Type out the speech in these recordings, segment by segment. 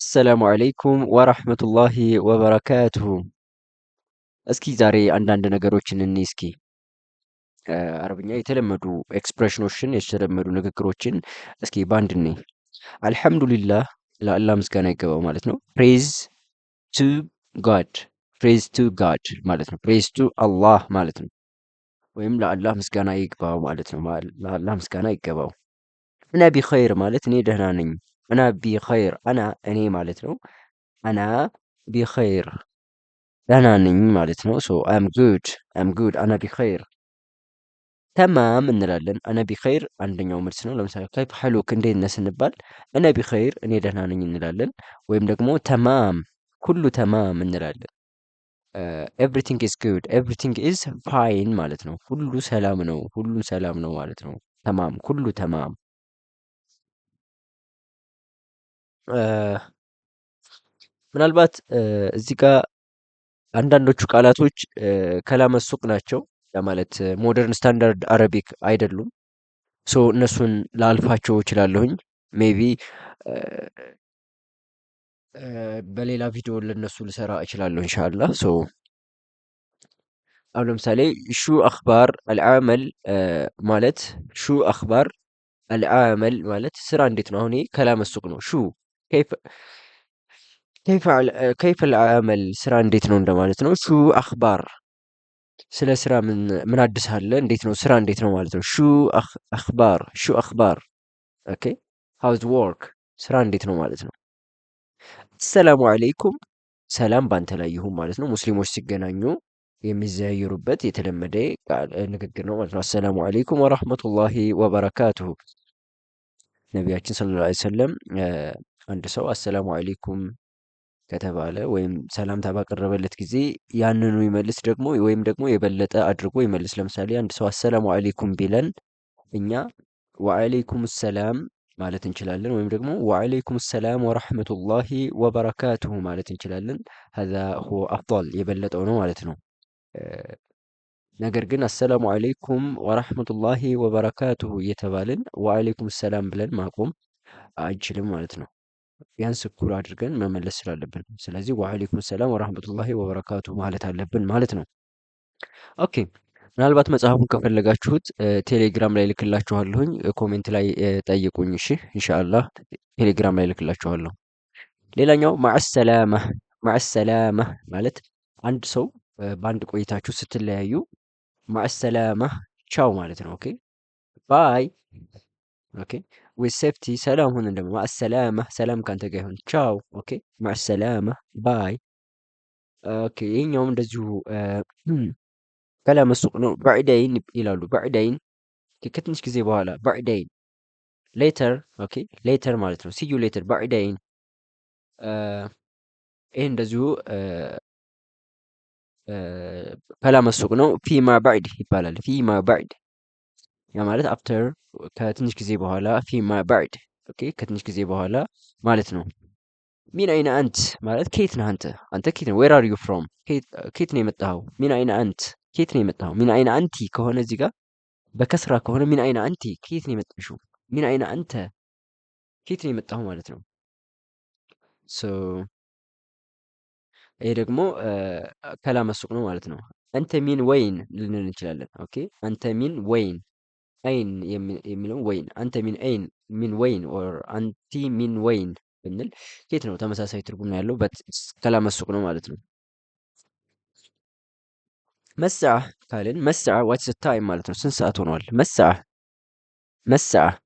አሰላሙ አለይኩም ወራህመቱላሂ ወበረካቱሁ። እስኪ ዛሬ አንዳንድ ነገሮችን እኔ እስኪ አረብኛ የተለመዱ ኤክስፕሬሽኖችን የተለመዱ ንግግሮችን እስኪ ባንድ እኔ አልሐምዱሊላህ ለአላህ ምስጋና ይገባው ማለት ነው። ፕሬዝ ቱ ጋድ ፕሬዝ ቱ ጋድ ማለት ነው። ፕሬዝ ቱ አላህ ማለት ነው። ወይም ለአላህ ምስጋና ይግባው ማለት ነው። ለአላህ ምስጋና ይገባው አና ቢኸይር ማለት እኔ ደህና ነኝ። አና ቢኸይር አና እኔ ማለት ነው። አና ቢኸይር ደህና ነኝ ማለት ነው። ሶ አም ጉድ አም ጉድ አና ቢኸይር ተማም እንላለን። አነ ቢኸይር አንደኛው መልስ ነው። ለምሳሌ ካይፍ ሐሉክ እንዴት ነህ ስንባል አነ ቢኸይር እኔ ደህና ነኝ እንላለን። ወይም ደግሞ ተማም ሁሉ ተማም እንላለን። ኤቭሪቲንግ ኢዝ ጉድ ኤቭሪቲንግ ኢዝ ፋይን ማለት ነው። ሁሉ ሰላም ነው፣ ሁሉም ሰላም ነው ማለት ነው። ተማም ኩሉ ተማም ምናልባት እዚህ ጋር አንዳንዶቹ ቃላቶች ከላመ ሱቅ ናቸው ለማለት ሞደርን ስታንዳርድ አረቢክ አይደሉም። ሶ እነሱን ላልፋቸው እችላለሁኝ። ሜቢ በሌላ ቪዲዮ ለነሱ ልሰራ እችላለሁ እንሻላ። ሶ አሁን ለምሳሌ ሹ አክባር አልዓመል ማለት ሹ አክባር አልዓመል ማለት ስራ እንዴት ነው? አሁን ከላመ ሱቅ ነው ሹ كيف ልአመል ስራ እንዴት ነው እንደማለት ነው። ሹ አኽባር ስለ ስራ ምን ምን አዲስ አለ እንዴት ነው ስራ እንዴት ነው ማለት ነው። ሹ አኽባር ሹ አኽባር ኦኬ ሃውዝ ወርክ ስራ እንዴት ነው ማለት ነው። አሰላሙ አለይኩም ሰላም ባንተ ላይ ይሁን ማለት ነው። ሙስሊሞች ሲገናኙ የሚዘያየሩበት የተለመደ ንግግር ነው ማለት ነው። አሰላሙ አለይኩም ወራህመቱላሂ ወበረካቱሁ ነቢያችን ሰለላሁ ዐለይሂ ወሰለም አንድ ሰው አሰላሙ አሌይኩም ከተባለ ወይም ሰላምታ ባቀረበለት ጊዜ ያንኑ ይመልስ ደግሞ ወይም ደግሞ የበለጠ አድርጎ ይመልስ። ለምሳሌ አንድ ሰው አሰላሙ አሌይኩም ቢለን እኛ ወአሌይኩም ሰላም ማለት እንችላለን። ወይም ደግሞ ወአሌይኩም ሰላም ወራህመቱላሂ ወበረካቱሁ ማለት እንችላለን። ሀዛ ሁወ አፍዷል የበለጠው ነው ማለት ነው። ነገር ግን አሰላሙ አሌይኩም ወራህመቱላሂ ወበረካቱሁ እየተባልን ወአሌይኩም ሰላም ብለን ማቆም አንችልም ማለት ነው። ቢያንስ እኩል አድርገን መመለስ ስላለብን ስለዚህ ወአለይኩም ሰላም ወራህመቱላሂ ወበረካቱ ማለት አለብን ማለት ነው። ኦኬ ምናልባት መጽሐፉን ከፈለጋችሁት ቴሌግራም ላይ ልክላችኋለሁኝ። ኮሜንት ላይ ጠይቁኝ። እሺ ኢንሻአላህ ቴሌግራም ላይ ልክላችኋለሁ። ሌላኛው ማዕሰላማ ማዕሰላማ ማለት አንድ ሰው በአንድ ቆይታችሁ ስትለያዩ ማዕሰላማ ቻው ማለት ነው። ኦኬ ባይ ኦኬ ዊዝ ሴፍቲ ሰላም ሁን ደግሞ ማሰላማ ሰላም ካንተ ጋር ይሁን ቻው ኦኬ ማሰላማ ባይ ኦኬ ይህኛውም እንደዚሁ ከላም ሱቅ ነው ባዕዳይን ይላሉ ባዕዳይን ከትንሽ ጊዜ በኋላ ባዕዳይን ሌተር ኦኬ ሌተር ማለት ነው ሲዩ ሌተር ባዕዳይን ይህ እንደዚሁ ከላም ሱቅ ነው ፊማ ባዕድ ይባላል ፊማ ባዕድ ያ ማለት አፍተር ከትንሽ ጊዜ በኋላ ፊማ ባርድ ኦኬ፣ ከትንሽ ጊዜ በኋላ ማለት ነው። ሚን አይነ አንት ማለት ኬት ነህ አንተ፣ አንተ ኬት ነህ። ዌር አር ዩ ፍሮም፣ ኬት ነው የመጣኸው። ሚን አይነ አንት፣ ኬት ነው የመጣኸው። ሚን አይነ አንቲ ከሆነ እዚህ ጋር በከስራ ከሆነ ሚን አይነ አንቲ፣ ኬት ነው የመጣሹ ሚን አይነ አንተ፣ ኬት ነው የመጣኸው ማለት ነው። ሶ ይሄ ደግሞ ከላመሱቅ ነው ማለት ነው። አንተ ሚን ወይን ልንል እንችላለን። ኦኬ አንተ ሚን ወይን أين يمن يمن وين أنت من أين من وين or أنت من وين بنل كيت نو تمسا ساي ترغم نالو يعني؟ بات كلام السوق نو مالتنا مساء كالين مساء واتس التايم مالتنا سن ساعة ونوال مساء مساء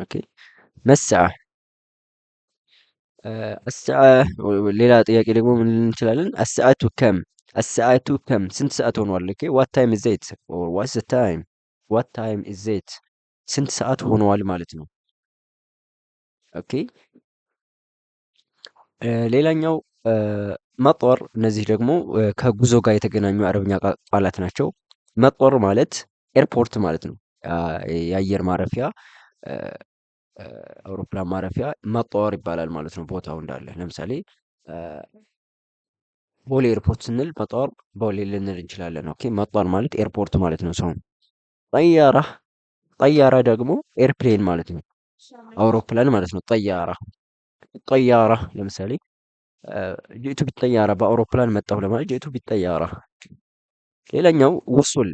اوكي مساء آه، الساعة ليلة طياقي لقمو من الانتلالين الساعة كم الساعة كم سن ساعة ونوال اوكي وات تايم زيت or what's the time ዋት ታይም ኢዜት ስንት ሰዓት ሆኗል ማለት ነው። ኦኬ ሌላኛው መጦር፣ እነዚህ ደግሞ ከጉዞ ጋር የተገናኙ አረብኛ ቃላት ናቸው። መጦር ማለት ኤርፖርት ማለት ነው። የአየር ማረፊያ አውሮፕላን ማረፊያ መጦር ይባላል ማለት ነው። ቦታው እንዳለ ለምሳሌ ቦሌ ኤርፖርት ስንል መጦር ቦሌ ልንል እንችላለን። ኦኬ መጦር ማለት ኤርፖርት ማለት ነው ሰውን ጠያራ ጠያራ ደግሞ ኤርፕሌን ማለት ነው። አውሮፕላን ማለት ነው። ጠያራ ጠያራ ለምሳሌ ጅቱ ቢጠያራ በአውሮፕላን መጣሁ ለማለት ጅቱ ቢጠያራ። ሌላኛው ውሱል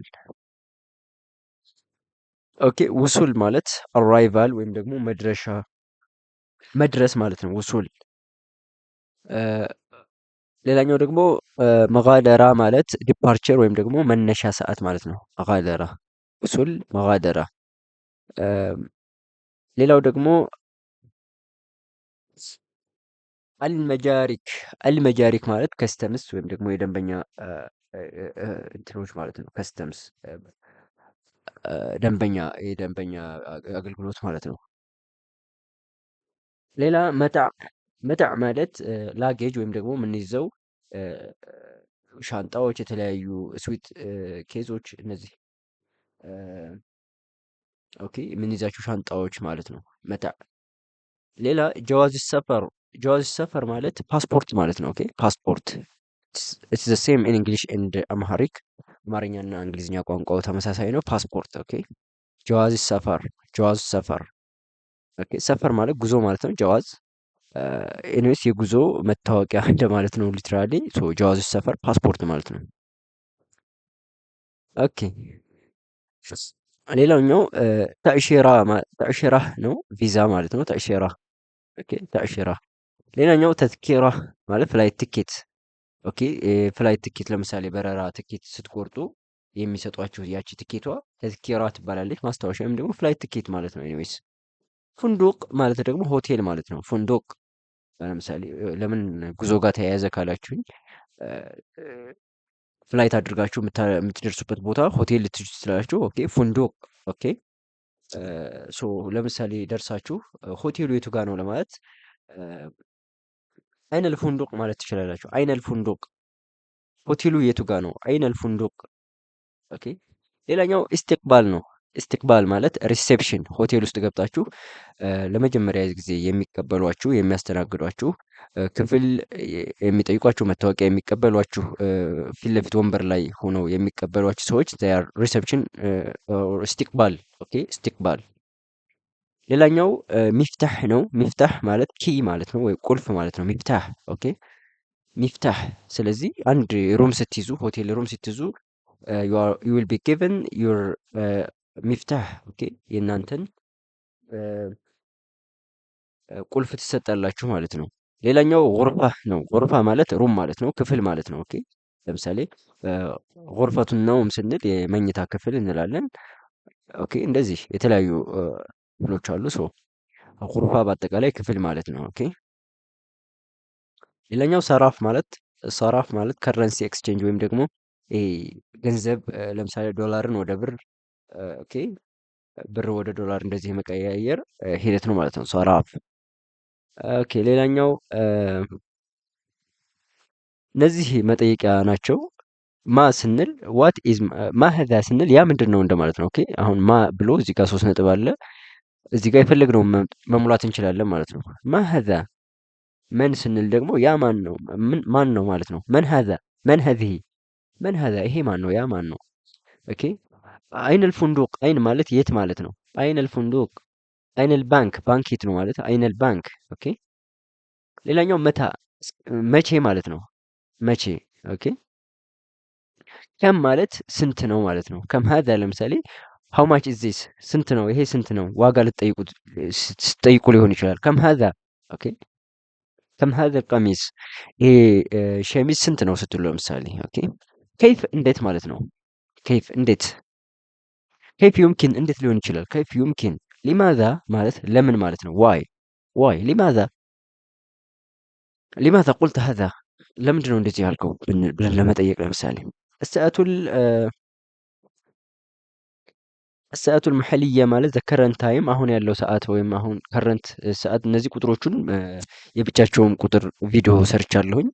ኦኬ። ውሱል ማለት አራይቫል ወይም ደግሞ መድረሻ መድረስ ማለት ነው። ውሱል ሌላኛው ደግሞ መጋደራ ማለት ዲፓርቸር ወይም ደግሞ መነሻ ሰዓት ማለት ነው። መጋደራ ኡሱል መጋደራ። ሌላው ደግሞ አልመጃሪክ አልመጃሪክ ማለት ከስተምስ ወይም ደግሞ የደንበኛ እንትኖች ማለት ነው። ከስተምስ ደንበኛ የደንበኛ አገልግሎት ማለት ነው። ሌላ መታዕ መታዕ ማለት ላጌጅ ወይም ደግሞ የምንይዘው ሻንጣዎች፣ የተለያዩ ስዊት ኬዞች እነዚህ ኦኬ የምንይዛቸው ሻንጣዎች ማለት ነው። መታ ሌላ ጀዋዝ ሰፈር ጀዋዝ ሰፈር ማለት ፓስፖርት ማለት ነው። ኦኬ ፓስፖርት ኢትስ ዘ ሴም ኢን እንግሊሽ ኤንድ አምሃሪክ አማርኛና እንግሊዝኛ ቋንቋው ተመሳሳይ ነው። ፓስፖርት ኦኬ ጀዋዝ ሰፈር ጀዋዝ ሰፈር ኦኬ ሰፈር ማለት ጉዞ ማለት ነው። ጀዋዝ ኤኒዌይስ የጉዞ መታወቂያ እንደማለት ነው። ሊትራሊ ሶ ጀዋዝ ሰፈር ፓስፖርት ማለት ነው። ኦኬ ሌላኛው ተእሺራ ነው፣ ቪዛ ማለት ነው። ተእሺራ ኦኬ። ሌላኛው ተትኬራ ማለት ፍላይት ትኬት ኦኬ። ፍላይት ትኬት ለምሳሌ በረራ ትኬት ስትቆርጡ የሚሰጧችሁ ያቺ ትኬቷ ተትኬራ ትባላለች። ማስታወሻ ወይም ደግሞ ፍላይት ትኬት ማለት ነው። ኤኒዌይስ ፉንዶቅ ማለት ደግሞ ሆቴል ማለት ነው። ፉንዶቅ ለምሳሌ ለምን ጉዞ ጋር ተያያዘ ካላችሁኝ ፍላይት አድርጋችሁ የምትደርሱበት ቦታ ሆቴል ልትጁ ትችላላችሁ። ኦኬ ፉንዶቅ ኦኬ ሶ ለምሳሌ ደርሳችሁ ሆቴሉ የቱ ጋር ነው ለማለት አይነል ፉንዶቅ ማለት ትችላላችሁ። አይነል ፉንዶቅ ሆቴሉ የቱ ጋር ነው? አይነል ፉንዶቅ ኦኬ። ሌላኛው ኢስቲቅባል ነው። ኢስቲቅባል ማለት ሪሴፕሽን ሆቴል ውስጥ ገብታችሁ ለመጀመሪያ ጊዜ የሚቀበሏችሁ የሚያስተናግዷችሁ ክፍል የሚጠይቋችሁ መታወቂያ የሚቀበሏችሁ ፊት ለፊት ወንበር ላይ ሆነው የሚቀበሏችሁ ሰዎች ሪሴፕሽን ኢስቲቅባል ኦኬ ኢስቲቅባል ሌላኛው ሚፍታህ ነው ሚፍታህ ማለት ኪ ማለት ነው ወይ ቁልፍ ማለት ነው ሚፍታህ ኦኬ ሚፍታህ ስለዚህ አንድ ሩም ስትይዙ ሆቴል ሩም ስትይዙ ዩ ዊል ቢ ጊቨን ዩር ሚፍታህ ኦኬ የእናንተን ቁልፍ ትሰጣላችሁ ማለት ነው። ሌላኛው ጎርፋ ነው። ጎርፋ ማለት ሩም ማለት ነው፣ ክፍል ማለት ነው። ኦኬ ለምሳሌ ጎርፈቱን ነውም ስንል የመኝታ ክፍል እንላለን። ኦኬ እንደዚህ የተለያዩ ክፍሎች አሉ። ሶ ጉርፋ በአጠቃላይ ክፍል ማለት ነው። ኦኬ ሌላኛው ሰራፍ ማለት ሰራፍ ማለት ከረንሲ ኤክስቼንጅ ወይም ደግሞ ገንዘብ ለምሳሌ ዶላርን ወደ ብር ኦኬ ብር ወደ ዶላር እንደዚህ የመቀያየር ሂደት ነው ማለት ነው። ሶ ኦኬ። ሌላኛው እነዚህ መጠየቂያ ናቸው። ማ ስንል ዋት ኢዝ ማህዛ ስንል ያ ምንድን ነው እንደማለት ነው። ኦኬ አሁን ማ ብሎ እዚህ ጋር ሶስት ነጥብ አለ። እዚህ ጋር የፈለግነው መሙላት እንችላለን ማለት ነው። ማህዛ መን ስንል ደግሞ ያ ማን ነው ማን ነው ማለት ነው። መን ሀዛ መን ሀዚህ መን ሀዛ ይሄ ማን ነው ያ ማን ነው። ኦኬ አይነል አልፉንዱቅ አይን ማለት የት ማለት ነው። አይን አልፉንዱቅ አይን አልባንክ ባንክ የት ነው ማለት አይነል ባንክ። ኦኬ ሌላኛው መታ መቼ ማለት ነው። መቼ ኦኬ ከም ማለት ስንት ነው ማለት ነው። ከም ሀዛ ለምሳሌ ሀው ማች ኢዝ ስንት ነው ይሄ ስንት ነው ዋጋ ልትጠይቁት ስትጠይቁ ሊሆን ይችላል። ከም ሀዛ ኦኬ ከም ሀዛ ቀሚስ ይሄ ሸሚዝ ስንት ነው ስትሉ ለምሳሌ ኦኬ ከይፍ እንዴት ማለት ነው። ከይፍ እንዴት ከይፍ ዩምኪን እንዴት ሊሆን ይችላል? ከይፍ ዩምኪን ሊማዛ ማለት ለምን ማለት ነው። ዋይ ዋይ ሊማዛ ሊማዛ ቁልተ ሀዛ ለምንድን እንደዚህ ያልከው ብለን ለመጠየቅ ለምሳሌ እሰአቱል እሰአቱል መሐልያ ማለት ዘ ታይም አሁን ያለው ሰዓት ወይም አሁን ከረንት ሰዓት። እነዚህ ቁጥሮቹን የብቻቸውን ቁጥር ቪዲዮ ሰርቻለሁኝ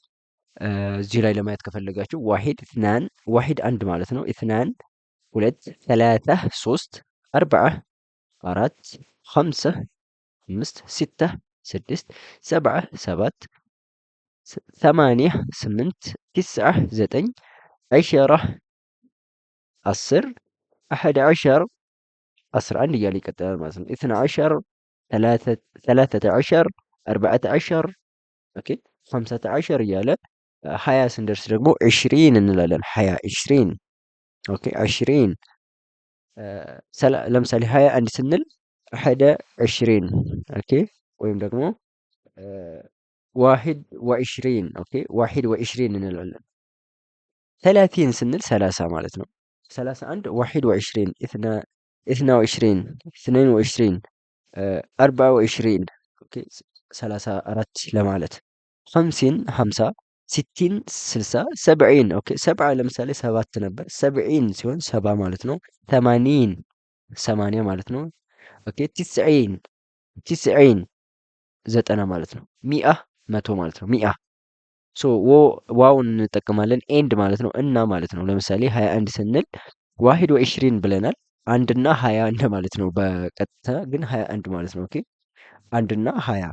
እዚህ ላይ ለማየት ከፈለጋችሁ ዋሂድ ኢትናን ዋሂድ አንድ ማለት ነው። ኢትናን ولد ثلاثة سوست أربعة أرات خمسة خمسة ستة سدست سبعة سبات ثمانية سمنت تسعة زتن عشرة أصر أحد عشر أصر عندي يالي كتاب مثلا اثنى عشر ثلاثة ثلاثة عشر أربعة عشر أوكي خمسة عشر يالا حياة سندرس رقمو عشرين إن حياة عشرين اوكي 20 آه، سلا لمسه لهاي اني سنل 21 اوكي ويم دقمو أه 21 اوكي 21 من العلم 30 سنل 30 مالتنا 30 عند 21 وعشرين 22 24 آه، اوكي 34 لمالت خمسين خمسة ሲቲን ስልሳ ሰብዒን ኦኬ ሰብዓ ለምሳሌ ሰባት ነበር ሰብዒን ሲሆን ሰባ ማለት ነው ተማኒን ሰማንያ ማለት ነው ኦኬ ቲስዒን ቲስዒን ዘጠና ማለት ነው ሚአ መቶ ማለት ነው ሚአ ሶ ዋውን እንጠቀማለን ኤንድ ማለት ነው እና ማለት ነው ለምሳሌ ሀያ አንድ ስንል ዋሂድ ወኢሽሪን ብለናል አንድና ሀያ እንደ ማለት ነው በቀጥታ ግን ሀያ አንድ ማለት ነው ኦኬ አንድና ሀያ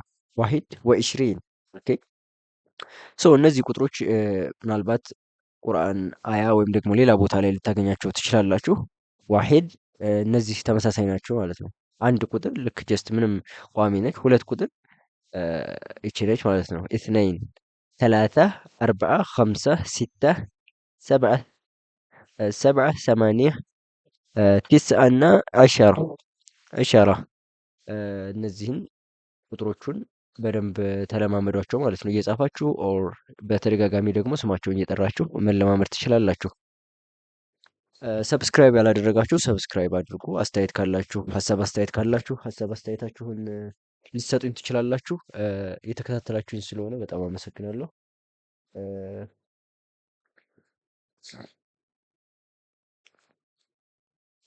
ዋሂድ ወኢሽሪን ኦኬ ሶ እነዚህ ቁጥሮች ምናልባት ቁርአን አያ ወይም ደግሞ ሌላ ቦታ ላይ ልታገኛቸው ትችላላችሁ። ዋሂድ እነዚህ ተመሳሳይ ናቸው ማለት ነው። አንድ ቁጥር ልክ ጀስት ምንም ቋሚ ነች። ሁለት ቁጥር ይችለች ማለት ነው። ኢትነይን፣ ሰላሳ፣ አርባ፣ ኸምሳ፣ ሲታ፣ ሰብዓ፣ ሰብዓ፣ ሰማንያ፣ ቲስዓ እና እነዚህን ቁጥሮቹን በደንብ ተለማመዷቸው ማለት ነው። እየጻፋችሁ ኦር በተደጋጋሚ ደግሞ ስማቸውን እየጠራችሁ መለማመድ ትችላላችሁ። ሰብስክራይብ ያላደረጋችሁ ሰብስክራይብ አድርጉ። አስተያየት ካላችሁ ሀሳብ አስተያየት ካላችሁ ሀሳብ አስተያየታችሁን ልትሰጡኝ ትችላላችሁ። የተከታተላችሁኝ ስለሆነ በጣም አመሰግናለሁ።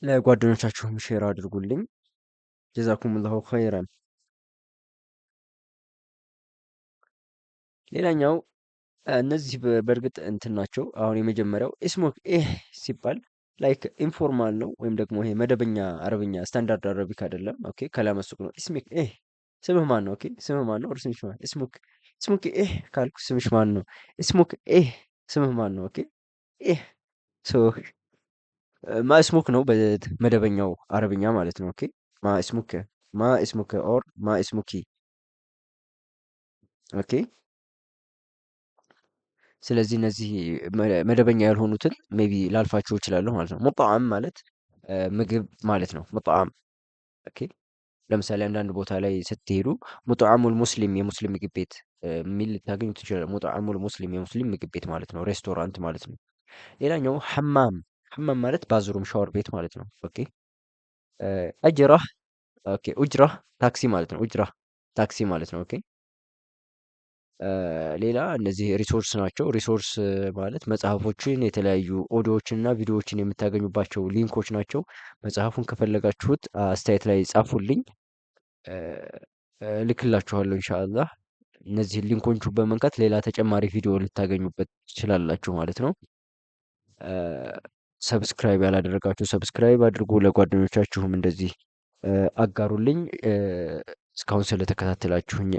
ለጓደኞቻችሁም ሼር አድርጉልኝ። ላሁ ኸይረን ሌላኛው እነዚህ በእርግጥ እንትን ናቸው። አሁን የመጀመሪያው ኢስሞክ ኤህ ሲባል ላይክ ኢንፎርማል ነው ወይም ደግሞ ይሄ መደበኛ አረብኛ ስታንዳርድ አረቢክ አይደለም። ኦኬ ከላመሱቅ ነው። ኢስሚክ ኤህ ስምህ ማን ነው? ኦኬ ስምህ ማን ነው? ስምሽ ማን ኢስሙክ ኢስሙክ ኤህ ካልኩ ስምሽ ማን ነው? ኢስሙክ ኤህ ስምህ ማን ነው? ኦኬ ኤህ ሶ ማ ኢስሙክ ነው በመደበኛው አረብኛ ማለት ነው። ኦኬ ማ ኢስሙክ ማ ኢስሙክ ኦር ማ ኢስሙኪ ኦኬ ስለዚህ እነዚህ መደበኛ ያልሆኑትን ሜቢ ላልፋቸው እችላለሁ ማለት ነው። ሙጣዓም ማለት ምግብ ማለት ነው። ሙጣዓም ኦኬ። ለምሳሌ አንዳንድ ቦታ ላይ ስትሄዱ ሙጣዓሙል ሙስሊም የሙስሊም ምግብ ቤት የሚል ልታገኙ ትችላለህ። ሙጣዓሙል ሙስሊም የሙስሊም ምግብ ቤት ማለት ነው፣ ሬስቶራንት ማለት ነው። ሌላኛው ሐማም ሐማም ማለት ባዝሩም ሻወር ቤት ማለት ነው። ኦኬ አጅራህ ኦኬ፣ ኡጅራህ ታክሲ ማለት ነው። ኡጅራህ ታክሲ ማለት ነው። ኦኬ ሌላ እነዚህ ሪሶርስ ናቸው። ሪሶርስ ማለት መጽሐፎችን የተለያዩ ኦዲዮዎችን እና ቪዲዮዎችን የምታገኙባቸው ሊንኮች ናቸው። መጽሐፉን ከፈለጋችሁት አስተያየት ላይ ጻፉልኝ ልክላችኋለሁ ኢንሻአላህ። እነዚህን ሊንኮቹ በመንካት ሌላ ተጨማሪ ቪዲዮ ልታገኙበት ትችላላችሁ ማለት ነው። ሰብስክራይብ ያላደረጋችሁ ሰብስክራይብ አድርጉ። ለጓደኞቻችሁም እንደዚህ አጋሩልኝ። እስካሁን ስለተከታተላችሁኝ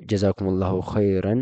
ላሁ ኸይረን።